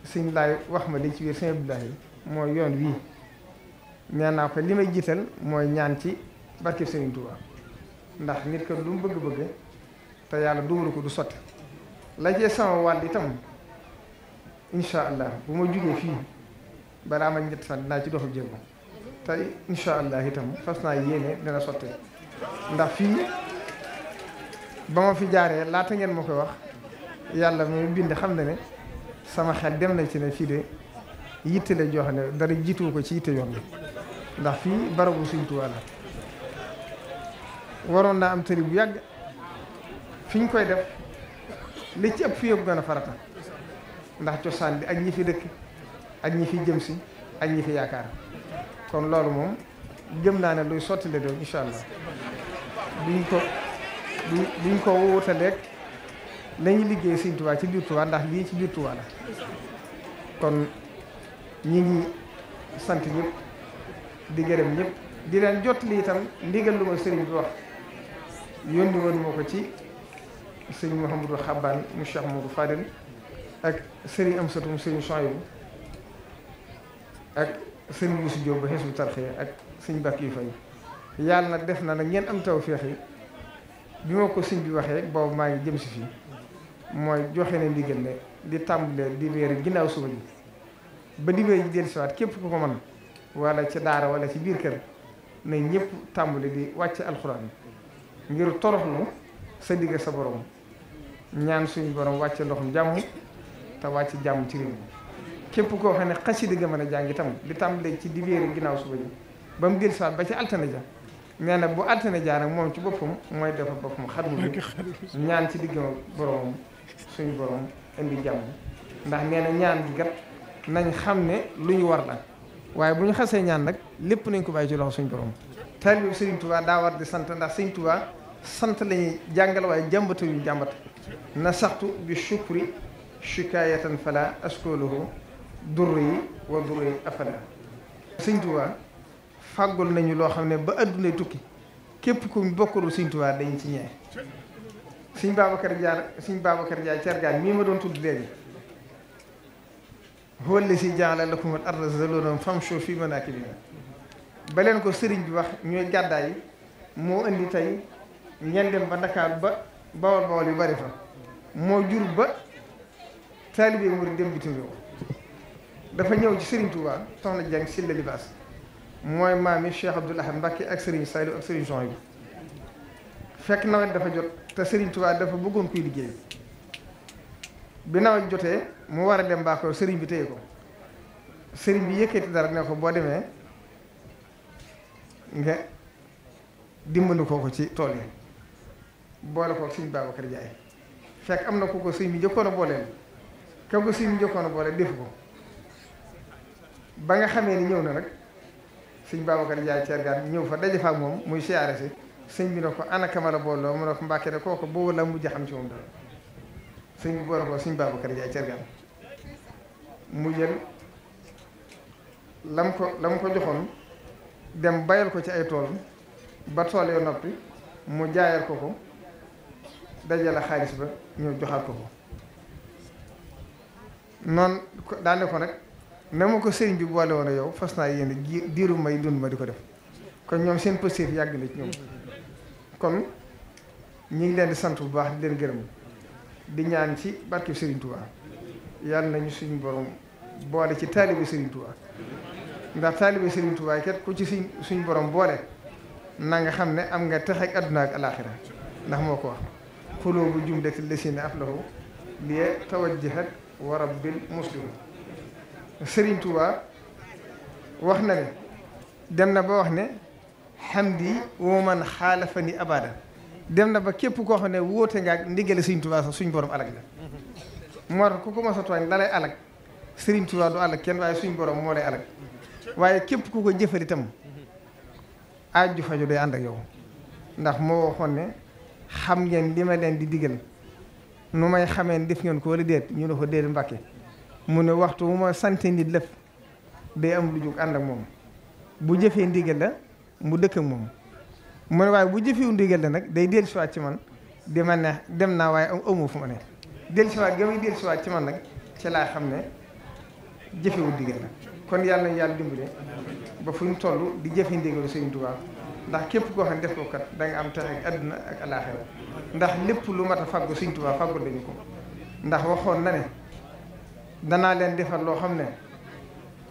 sëñ laay wax ma li ci biir sëñ Abdoulaye mooy yoon wii nee naa ko li may jiital mooy ñaan ci barkeb Sëriñ Tuubaa ndax nit ko lu mu bëgg-bëgg te yàlla dugal ko du sotti la cee sama wàll itam incha allah bu ma jugee fii balaa ma ñett fan dinaa ci doxu jéego te incha allah itam fas naa yéene dina sotti ndax fii ba ma fi jaaree laata ngeen ma koy wax yàlla muy bind xam na ne. sama xel dem na ci ne fii de yitte la joo xam ne dara jiitu ko ci yitte yoon bi ndax fii barabu Sëriñ Tuubaa la waroon naa am tëri bu yàgg fi ñu koy def li ci ëpp fi yëpp gën a farata ndax cosaan bi ak ñi fi dëkk ak ñi fi jëm si ak ñi fi yaakaar kon loolu moom gëm naa ne luy sotti la doon allah duñ ko duñ ko wutaleek lañuy liggéey sëñ Tuubaa ci biir Tuubaa ndax lii ci biir Tuubaa la kon ñi ngi sant ñëpp di gërëm ñëpp di leen jot lii itam ndigal lu ma sëriñ bi wax yónni woon moo ko ci sëñ Mouhamadou Xabbaan mu Cheikh Moudou Fadel ak sëriñ Amsatou mu sëriñ Chouaïbou ak sëriñ Moussa Diop ba Hizbut Tarqiyyah ak sëñ bàkk yu fay yàlla nag def na nag ngeen am tawfeex yi bi ma ko sëñ bi waxee boobu maa ngi jëm si fii mooy joxe na ndigal ne di tàmbalee dibéer ginnaaw suba ji ba di dibéer ji dellusiwaat képp ku ko mën wala ci daara wala ci biir kër na ñëpp tàmbali di wàcc alxuraan ngir toroxlu sa digg sa borom ñaan suñu borom wàcce ndoxum jàmm te wàcc jàmm ci réew mi képp koo xam ne xas xasida nga mën a jàng itam di tàmbalee ci dibéer ginnaaw suba ji ba mu dellusiwaat ba ci altana ja nee na bu altana ja moom ci boppam mooy defar boppam xarnu bi ñaan ci diggam boromam. suñu borom indi jàmm ndax nee na ñaan gi gat nañ xam ne lu ñu war la waaye bu ñu xasee ñaan nag lépp nañ ko bàyyi ci loxo suñu borom taalibe Sëriñ Tuubaa daa war di sant ndax Sëriñ Tuubaa sant lañuy jàngal waaye jàmbatu yu jàmbat na saxtu bi shukri shikaayatan fala askuluhu durr yi wa durr yi afala Sëriñ Tuubaa fàggul nañu loo xam ne ba addunay tukki képp ku bokkul Sëriñ Tuubaa dañ ci ñeex sëñ Babacar Diar sëñ Babacar Diar Cargaan mii ma doon tudd léegi walla si jaala lakum al arda zalulan famshu fi manaakibiha ba leen ko sëriñ bi wax ñooy gàddaay moo indi tey ñeen dem ba Ndakaar ba bawol bawol yu bari fa moo jur ba taalibe murid dem bitim réew dafa ñëw ci sëriñ Touba soxna jàng si la libaas mooy maami Cheikh Abdoul Ahad Mbacké ak sëriñ Saliou ak sëriñ Jean bi fekk nawet dafa jot te Serigne Touba dafa bëggoon kuy liggéey bi nawet jotee mu war a dem baa ko Serigne bi téye ko Serigne bi yëkkati dara ne ko boo demee nga dimbali ko ci tool yi boole ko Serigne Babacar Jaay fekk am na ku ko Serigne bi jëkkoon a booleel ka ko Serigne bi jëkkoon a booleel defu ko ba nga xamee ni ñëw na nag Serigne Babacar Jaay ceergaat ñëw fa daje fa ak moom muy siyaare si sëñ bi ne ko ana kamala booloo mu ne ko mbàkke de kooku boobu la mujj xam ci moom dara sëñ bi boole ko sëñ Babacar Ndiaye cergaan mu jël lam ko lam ko joxoon dem bayal ko ci ay tool ba tool noppi mu jaayal ko ko dajale xaalis ba ñëw joxaat ko ko noonu daane ko nag na ma ko sëriñ bi boole woon yow fas naa yéene diiru may dund ma di ko def kon ñoom seen pëstéef yàgg na ci ñoom kon ñi ngi leen di sant bu baax di leen gërëm di ñaan ci barkeb Serigne Touba yàlla nañu suñu borom boole ci taalibe Serigne Touba ndax taalibe Serigne Touba kat ku ci suñ suñu borom boole na nga xam ne am nga tex ak adduna ak alaaxira ndax moo ko wax xuloo bu jum dek lesina aflahu liye tawajjahat wa rabbil muslimin Serigne Touba wax na ne dem na ba wax ne hamdi wa man xaalafani abada dem na ba képp koo xam ne wóote nga ak ndigale Sëriñ Tuubaa sax suñ borom alag la moo tax ku ko mos a tooñ la lay alag Sëriñ Tuubaa du alag kenn waaye suñu borom moo lay alag waaye képp ku ko jëfal itam aaju faju day ànd ak yow ndax moo waxoon ne xam ngeen li ma di digal nu may xamee xameen def ngeen ko wala ñu ne ko déet mbàkke mu ne waxtu mu ma sante nit lëf day am lu ànd ak moom bu jëfee ndigal la mu dëkk moom mu ne waaye bu jëfewu ndigal nag day dellusiwaat ci man di ma ne dem naa waaye aw amoo fu ma ne dellusiwaat ga muy dellusiwaat ci man nag ci laa xam ne jëfewu ndigal la kon yàlla na yàlla dimbale ba fu ñu toll di jëfe ndigalu Sëriñ Tuubaa ndax képp koo xam ne def ko kat da nga am tax ak àdduna ak alaaxira ndax lépp lu mat a fàggu Sëriñ Tuubaa fàggul lañu ko ndax waxoon na ne danaa leen defar loo xam ne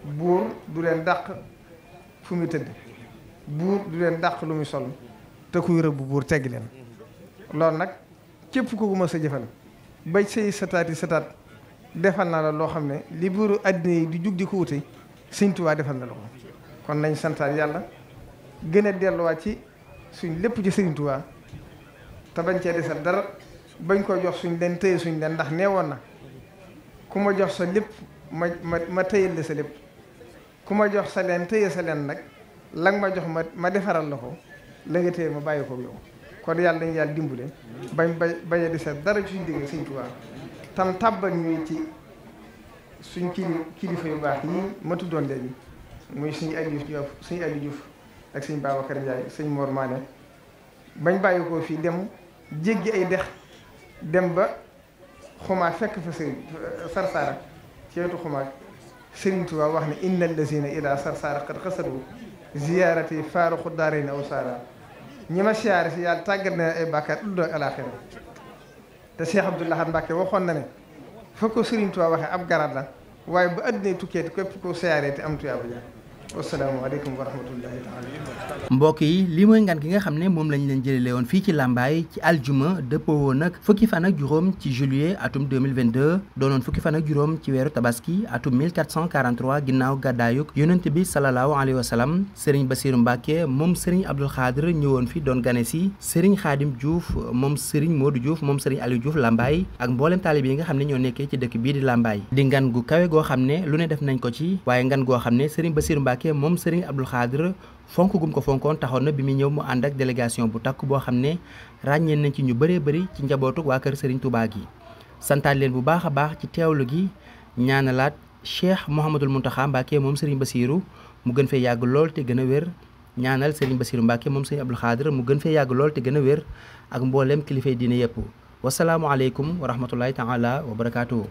buur du leen dàq fu muy tëdd buur du leen dàq lu muy sol te kuy rëbb buur tegg leen loolu nag képp ku ko mës a jëfal ba say sataat yi sataat defal naa la loo xam ne li buuru àddina yi di jug di ko wute Sëñ Tuubaa defal na la ko kon nañ santaat yàlla gën a delluwaat ci suñ lépp ci Sëñ Tuubaa te bañ cee desal dara bañ koo jox suñ leen tëye suñ leen ndax nee woon na ku ma jox sa lépp ma ma ma tëyal la sa lépp ku ma jox sa leen tëye sa leen nag lan ma jox ma ma defaral la ko la nga téye ma bàyyi ko yow kon yàlla nañ yàlla dimbale bañ bañ bañ di seet dara suñ suñu digg sëñ Tuubaa tam tàbbal ñuy ci suñ kili kilifa yu baax yi ma tuddoon léegi muy suñu Aliou Diouf suñ Aliou Diouf ak suñ Babacar Ndiaye suñ Mor Mané bañ bàyyi ko fii dem jéggi ay dex dem ba xumaa fekk fa sëriñ sarsaara ci wetu xumaa Sëriñ Tuubaa wax ne inna allazina ila sarsaara qad xasadu ziyaarati faaruqu daarayni aw saara ñi ma siyaare si yàlla tàggat na ay bàkkaar dund ak alaaxira te Cheikh Abdou Lahad Mbacké waxoon na ne fa ko Serigne Touba waxee ab garab na waaye ba àddina tukkee te képp ko siyaaree te am tuyaaba ja asalaamaaleykum wa rahmatullahi mbokk yi li mooy ngan gi nga xam ne moom lañ leen jëlee woon fii ci Lambaye ci aljuma dëppoo woon nag fukki fan ak juróom ci juillet atum 2022 doonoon fukki fan ak juróom ci weeru tabaski atum 1443 ginnaaw gàddaayug yonent bi salallahu alayhi wa salam Serigne Bassirou Mbacke moom Serigne Abdoul Khadr ñëwoon fi doon gane si Serigne Khadim Diouf moom Serigne Modou Diouf moom Serigne Aliou Diouf Lambaye ak mboolem taalib yi nga xam ne ñoo nekkee ci dëkk bii di Lambaye di ngan gu kawe lu ne def nañ ko ci waaye ngan goo xam ne Serigne Bassirou Mbacke Mbacke moom Serigne Abdou Khadre fonk gum ko fonkoon taxoon na bi muy ñëw mu ànd ak délégation bu takk boo xam ne ràññeen nañ ci ñu bëree bëri ci njabootu waa kër Serigne Touba gi santaat leen bu baax a baax ci teewlu gi ñaanalaat Cheikh Mouhamadul Mountakha Mbacke moom Serigne Bassirou mu gën fee yàgg lool te gën a wér ñaanal Serigne Bassirou Mbacke moom Serigne Abdou mu gën fee yàgg lool te gën a wér ak mbooleem kilifay diine yëpp wasalaamualeykum wa rahmatullahi taala wa barakaatuhu